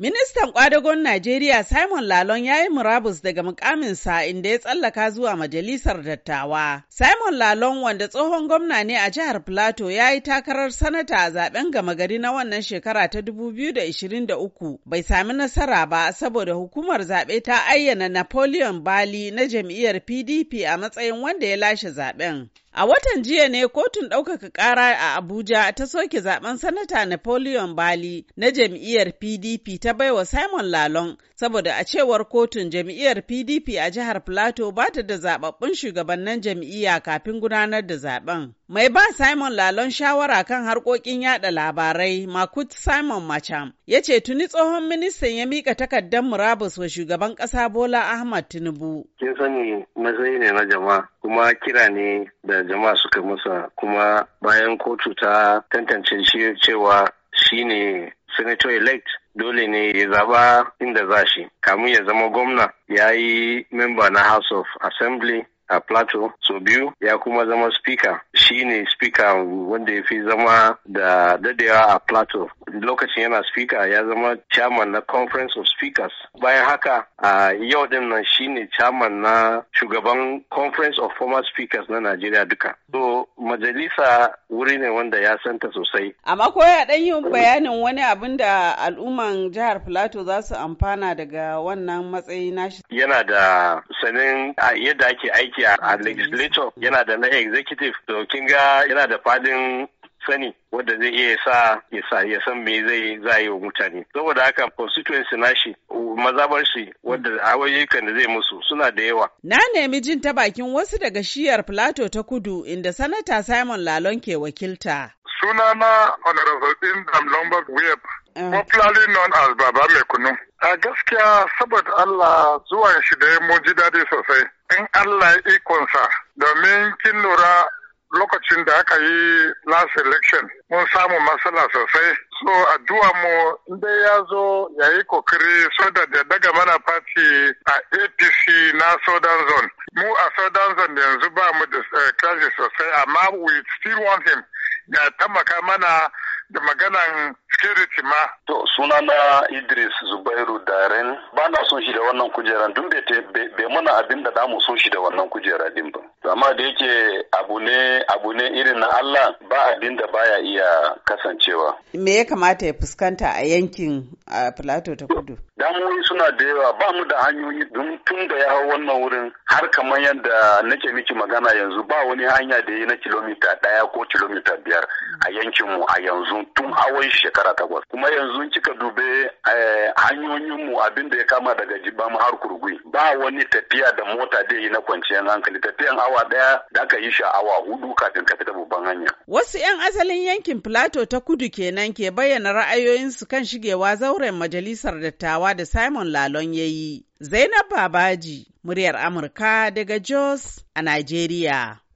Ministan kwadagon Najeriya Simon Lalon ya yi murabus daga mukaminsa inda ya tsallaka zuwa majalisar dattawa. Simon Lalon wanda tsohon gwamna ne a jihar Plateau ya yi takarar sanata a zaben gama gari na wannan shekara ta 2023 bai sami nasara ba saboda hukumar zaɓe ta ayyana Napoleon Bali na jam'iyyar PDP a matsayin wanda ya lashe zaben. A watan jiya ne kotun ɗaukaka ƙara a Abuja ta soke zaben sanata Napoleon Bali na jam'iyyar PDP ta baiwa Simon Lalong saboda a cewar kotun jam'iyyar PDP a jihar Plateau ba ta da zababbun shugabannin jam'iyya kafin gudanar da zaben. Mai ba Simon Lalon shawara kan harkokin yada labarai Makut Simon Macham ya ce tuni tsohon ministan ya mika takardar murabus wa shugaban ƙasa Bola Ahmad Tinubu. Kin sani matsayi ne na jama'a kuma kira ne da jama'a suka masa kuma bayan kotu ta tantance shi cewa shine senator elect dole ne ya zaba inda za shi kamun ya zama gwamna ya yi memba na House of Assembly a plateau so biyu ya kuma zama speaker ne speaker wanda ya fi zama da dadewa a plateau lokacin yana speaker ya zama chairman na conference of speakers bayan haka a yau din nan shi ne chairman na shugaban conference of former speakers na najeriya duka so majalisa wuri ne wanda ya santa sosai amma ko ya dan yi bayanin wani abin da al'umman jihar plateau za su amfana daga wannan matsayi nashi yana da sanin yadda ake aiki aiki a legislature yana da na executive to kin ga yana da fadin sani wanda zai iya sa ya san me zai za yi wa mutane saboda haka constituency nashi mazabar shi wadda ayyukan da zai musu suna da yawa na nemi jin ta bakin wasu daga shiyar plato ta kudu inda sanata simon lalon ke wakilta sunana honorable dam lombard web Mutlali eh. non as Baba Mai Kunu. A gaskiya saboda Allah zuwan shi da ya ji daɗi sosai. In Allah ya ikonsa domin kin lura lokacin da aka yi last election mun samu matsala sosai so addu'a mu inda ya zo ya yi kokiri so da da daga mana fati a apc na southern zone mu a southern zone yanzu ba mu da eh, crisis sosai amma we still want him ya taimaka mana da maganan security ma. To suna na Idris Zubairu Daren ba na so shi da wannan kujera dun bai mana abin da damu so shi da wannan kujera din ba. amma da yake abu ne abu ne irin na Allah ba abin da baya iya kasancewa me ya kamata ya fuskanta a yankin a Plateau ta Kudu damuwoyi suna da yawa ba mu da hanyoyi don tun da ya hau wannan wurin har kamar yadda nake miki magana yanzu ba wani hanya da yi na kilomita daya ko kilomita biyar a yankinmu a yanzu tun awai shekara takwas kuma yanzu kika dube eh, mu abin da ya kama daga jibam har kurgui ba wani tafiya da mota da yi na kwanciyar hankali tafiyan awa daya da aka yi shi awa hudu kafin ka fita babban hanya. Wasu 'yan asalin yankin Plateau ta kudu kenan ke bayyana ra'ayoyinsu kan shigewa zauren majalisar dattawa da Simon Lalon ya yi. Zainab Babaji, muryar Amurka daga Jos a Najeriya.